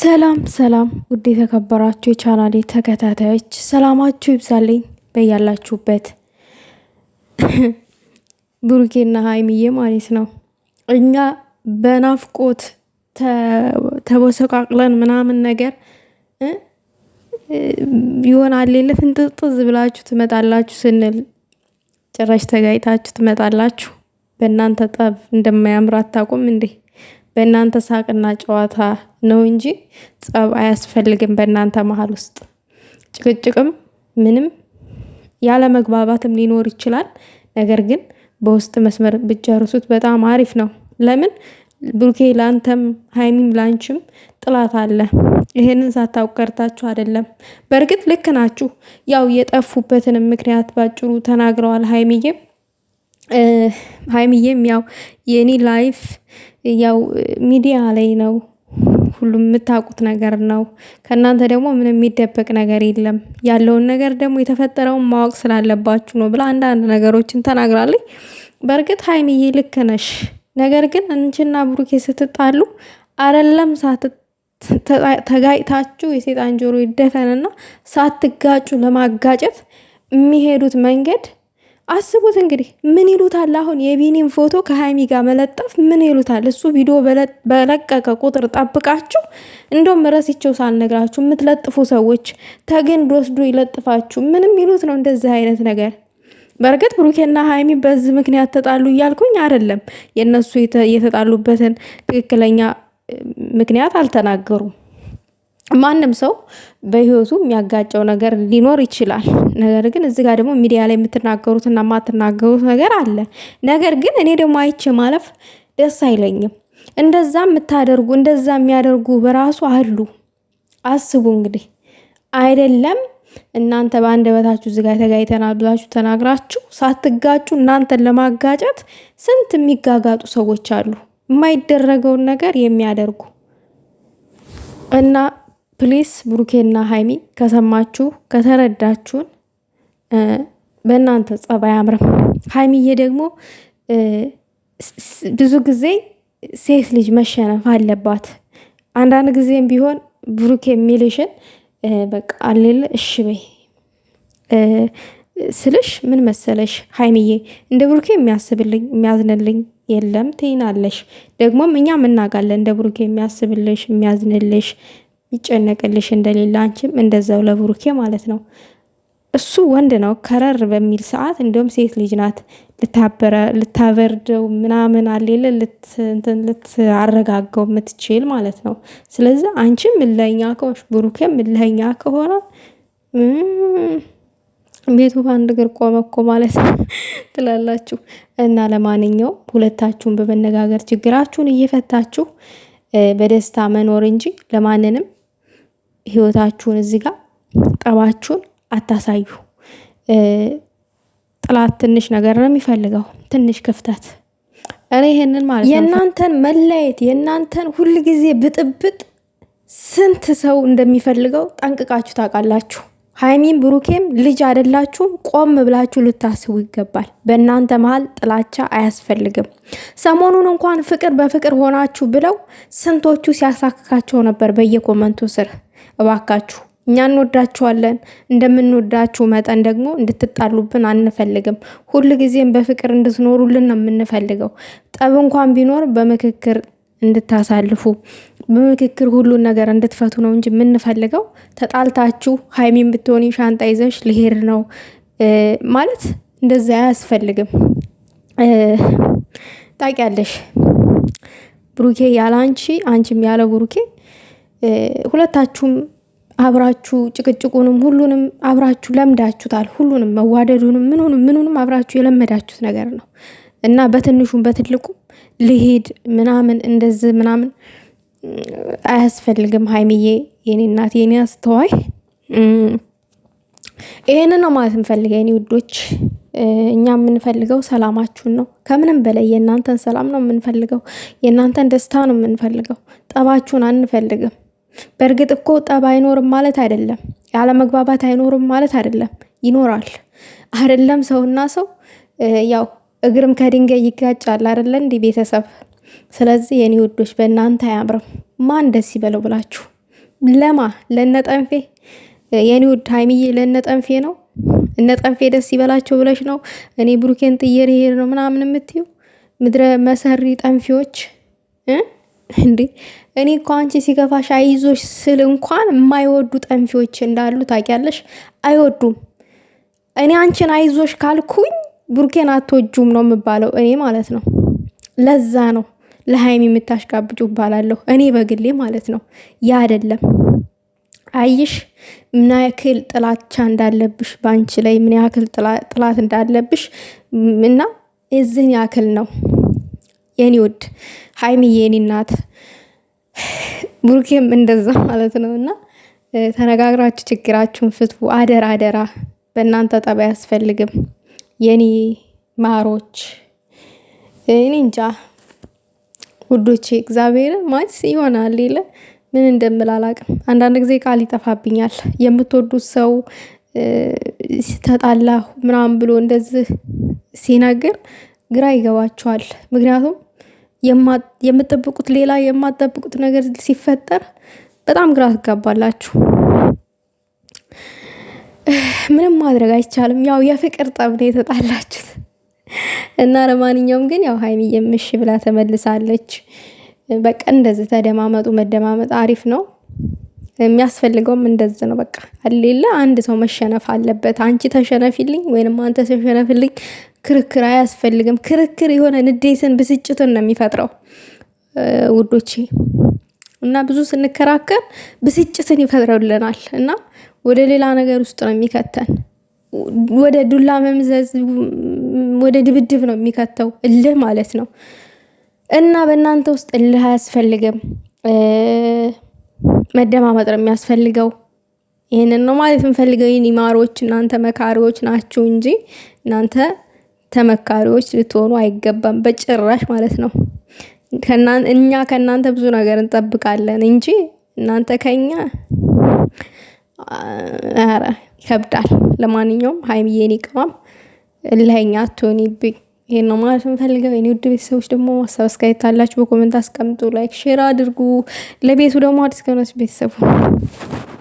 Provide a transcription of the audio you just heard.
ሰላም ሰላም ውድ የተከበራችሁ የቻናሌ ተከታታዮች ሰላማችሁ ይብዛልኝ በያላችሁበት። ብሩኬና ሀይሚዬ ማለት ነው። እኛ በናፍቆት ተቦሰቃቅለን ምናምን ነገር ይሆናል የለ ፍንጥጥዝ ብላችሁ ትመጣላችሁ ስንል ጭራሽ ተጋይታችሁ ትመጣላችሁ። በእናንተ ጠብ እንደማያምር አታውቁም እንዴ? በእናንተ ሳቅና ጨዋታ ነው እንጂ ጸብ አያስፈልግም። በእናንተ መሀል ውስጥ ጭቅጭቅም ምንም ያለ መግባባትም ሊኖር ይችላል። ነገር ግን በውስጥ መስመር ብትጨርሱት በጣም አሪፍ ነው። ለምን ብሩኬ ላንተም ሀይሚም ላንችም ጥላት አለ። ይሄንን ሳታውቅ ቀርታችሁ አይደለም። በእርግጥ ልክ ናችሁ። ያው የጠፉበትንም ምክንያት ባጭሩ ተናግረዋል ሀይሚዬም ሀይሚዬም ያው የኔ ላይፍ ያው ሚዲያ ላይ ነው ሁሉም የምታውቁት ነገር ነው። ከእናንተ ደግሞ ምንም የሚደበቅ ነገር የለም። ያለውን ነገር ደግሞ የተፈጠረውን ማወቅ ስላለባችሁ ነው ብላ አንዳንድ ነገሮችን ተናግራለች። በእርግጥ ሀይሚዬ ልክ ነሽ። ነገር ግን አንቺና ብሩኬ ስትጣሉ አረለም ሳት ተጋጭታችሁ የሴጣን ጆሮ ይደፈንና ሳትጋጩ ለማጋጨት የሚሄዱት መንገድ አስቡት እንግዲህ ምን ይሉታል? አሁን የቢኒን ፎቶ ከሀይሚ ጋር መለጠፍ ምን ይሉታል? እሱ ቪዲዮ በለቀቀ ቁጥር ጠብቃችሁ እንደውም ረሲቸው ሳልነግራችሁ የምትለጥፉ ሰዎች ተግንድ ወስዶ ይለጥፋችሁ ምንም ይሉት ነው እንደዚህ አይነት ነገር። በእርግጥ ብሩኬና ሀይሚ በዚህ ምክንያት ተጣሉ እያልኩኝ አይደለም። የእነሱ የተጣሉበትን ትክክለኛ ምክንያት አልተናገሩም። ማንም ሰው በህይወቱ የሚያጋጨው ነገር ሊኖር ይችላል። ነገር ግን እዚህ ጋር ደግሞ ሚዲያ ላይ የምትናገሩትና የማትናገሩት ነገር አለ። ነገር ግን እኔ ደግሞ አይቼ ማለፍ ደስ አይለኝም። እንደዛ የምታደርጉ እንደዛ የሚያደርጉ በራሱ አሉ። አስቡ እንግዲህ አይደለም እናንተ በአንደበታችሁ እዚህ ጋር ተጋይተናል ብላችሁ ተናግራችሁ ሳትጋጩ እናንተን ለማጋጨት ስንት የሚጋጋጡ ሰዎች አሉ፣ የማይደረገውን ነገር የሚያደርጉ እና ፕሊስ ብሩኬና ሀይሚ ከሰማችሁ ከተረዳችሁን፣ በእናንተ ጸባይ አምረም። ሀይሚዬ ደግሞ ብዙ ጊዜ ሴት ልጅ መሸነፍ አለባት። አንዳንድ ጊዜም ቢሆን ብሩኬ የሚልሽን በቃ አሌለ እሺ በይ ስልሽ ምን መሰለሽ ሀይሚዬ፣ እንደ ብሩኬ የሚያስብልኝ የሚያዝንልኝ የለም ትይናለሽ። ደግሞም እኛም እናውቃለን እንደ ብሩኬ የሚያስብልሽ የሚያዝንልሽ ይጨነቅልሽ እንደሌለ አንቺም እንደዛው ለብሩኬ ማለት ነው። እሱ ወንድ ነው ከረር በሚል ሰዓት እንዲሁም ሴት ልጅ ናት ልታበርደው ምናምን አሌለ ልታረጋጋው የምትችል ማለት ነው። ስለዚህ አንቺም እልኸኛ ከሆንሽ ብሩኬም እልኸኛ ከሆነ ቤቱ በአንድ እግር ቆመ እኮ ማለት ትላላችሁ። እና ለማንኛውም ሁለታችሁን በመነጋገር ችግራችሁን እየፈታችሁ በደስታ መኖር እንጂ ለማንንም ህይወታችሁን እዚህ ጋር ጠባችሁን አታሳዩ። ጥላት ትንሽ ነገር ነው የሚፈልገው፣ ትንሽ ክፍተት። እኔ ይሄንን ማለት ነው የእናንተን መለየት የእናንተን ሁል ጊዜ ብጥብጥ ስንት ሰው እንደሚፈልገው ጠንቅቃችሁ ታውቃላችሁ። ሀይሚም ብሩኬም ልጅ አይደላችሁም። ቆም ብላችሁ ልታስቡ ይገባል። በእናንተ መሀል ጥላቻ አያስፈልግም። ሰሞኑን እንኳን ፍቅር በፍቅር ሆናችሁ ብለው ስንቶቹ ሲያሳክካቸው ነበር በየኮመንቱ ስር እባካችሁ እኛ እንወዳችኋለን። እንደምንወዳችሁ መጠን ደግሞ እንድትጣሉብን አንፈልግም። ሁል ጊዜም በፍቅር እንድትኖሩልን ነው የምንፈልገው። ጠብ እንኳን ቢኖር በምክክር እንድታሳልፉ በምክክር ሁሉን ነገር እንድትፈቱ ነው እንጂ የምንፈልገው ተጣልታችሁ ሀይሚን ብትሆኒ ሻንጣ ይዘሽ ልሄድ ነው ማለት እንደዛ አያስፈልግም። ታውቂያለሽ ብሩኬ ያለ አንቺ አንቺም ያለ ብሩኬ ሁለታችሁም አብራችሁ ጭቅጭቁንም ሁሉንም አብራችሁ ለምዳችሁታል። ሁሉንም መዋደዱንም ምንሆንም ምንሆንም አብራችሁ የለመዳችሁት ነገር ነው እና በትንሹም በትልቁም ልሄድ ምናምን እንደዚህ ምናምን አያስፈልግም። ሀይሚዬ የኔ እናት የኔ አስተዋይ ይሄንን ነው ማለት እንፈልገ የኔ ውዶች። እኛ የምንፈልገው ሰላማችሁን ነው። ከምንም በላይ የእናንተን ሰላም ነው የምንፈልገው። የእናንተን ደስታ ነው የምንፈልገው። ጠባችሁን አንፈልግም። በእርግጥ እኮ ጠብ አይኖርም ማለት አይደለም፣ ያለመግባባት አይኖርም ማለት አይደለም። ይኖራል አይደለም ሰውና ሰው ያው እግርም ከድንጋይ ይጋጫል አይደለ? እንዲ ቤተሰብ። ስለዚህ የኔ ውዶች በእናንተ አያምርም። ማን ደስ ይበለው ብላችሁ ለማ ለነጠንፌ የኔ ውድ ሀይሚዬ ለነጠንፌ ነው እነጠንፌ ደስ ይበላቸው ብለሽ ነው እኔ ብሩኬን ጥየር ይሄድ ነው ምናምን የምትዩ ምድረ መሰሪ ጠንፌዎች እንዴ እኔ እኮ አንቺ ሲከፋሽ አይዞሽ ስል እንኳን የማይወዱ ጠንፊዎች እንዳሉ ታውቂያለሽ። አይወዱም። እኔ አንቺን አይዞሽ ካልኩኝ ብሩኬን አትወጁም ነው የምባለው፣ እኔ ማለት ነው። ለዛ ነው ለሀይሚ የምታሽቃብጩ እባላለሁ እኔ በግሌ ማለት ነው። ያ አይደለም አይሽ ምን ያክል ጥላቻ እንዳለብሽ በአንቺ ላይ ምን ያክል ጥላት እንዳለብሽ እና የዚህን ያክል ነው። የኔ ውድ ሀይሚዬ የኔ እናት ቡርኬም እንደዛ ማለት ነው። እና ተነጋግራችሁ ችግራችሁን ፍትፉ። አደራ አደራ፣ በእናንተ ጠብ አያስፈልግም። የኔ ማሮች እኔ እንጃ ውዶቼ፣ እግዚአብሔር ማለት ይሆናል የለ ምን እንደምላላቅም። አንዳንድ ጊዜ ቃል ይጠፋብኛል። የምትወዱት ሰው ተጣላሁ ምናምን ብሎ እንደዚህ ሲነግር ግራ ይገባቸዋል። ምክንያቱም የምጠብቁት ሌላ የማጠብቁት ነገር ሲፈጠር በጣም ግራ ትጋባላችሁ። ምንም ማድረግ አይቻልም። ያው የፍቅር ጠብ ነው የተጣላችሁት እና ለማንኛውም ግን ያው ሀይሚ የምሽ ብላ ተመልሳለች። በቃ እንደዚህ ተደማመጡ። መደማመጥ አሪፍ ነው። የሚያስፈልገውም እንደዚህ ነው። በቃ ሌላ አንድ ሰው መሸነፍ አለበት። አንቺ ተሸነፊልኝ ወይንም አንተ ተሸነፍልኝ ክርክር አያስፈልግም። ክርክር የሆነ ንዴትን፣ ብስጭትን ነው የሚፈጥረው ውዶቼ። እና ብዙ ስንከራከር ብስጭትን ይፈጥረውልናል እና ወደ ሌላ ነገር ውስጥ ነው የሚከተን። ወደ ዱላ መምዘዝ፣ ወደ ድብድብ ነው የሚከተው እልህ ማለት ነው። እና በእናንተ ውስጥ እልህ አያስፈልግም። መደማመጥ ነው የሚያስፈልገው። ይህንን ነው ማለት የምፈልገው። ይህን ማሮች እናንተ መካሪዎች ናችሁ እንጂ እናንተ ተመካሪዎች ልትሆኑ አይገባም፣ በጭራሽ ማለት ነው። እኛ ከእናንተ ብዙ ነገር እንጠብቃለን እንጂ እናንተ ከኛ ኧረ ይከብዳል። ለማንኛውም ሀይሚዬ የኔ ቅመም እልኸኛ አትሆኚብኝ። ይሄን ነው ማለት የምፈልገው። የኔ ውድ ቤተሰቦች ደግሞ ሀሳብ አስካይታላችሁ በኮመንት አስቀምጡ፣ ላይክ ሼር አድርጉ። ለቤቱ ደግሞ አዲስ ከሆነች ቤተሰቡ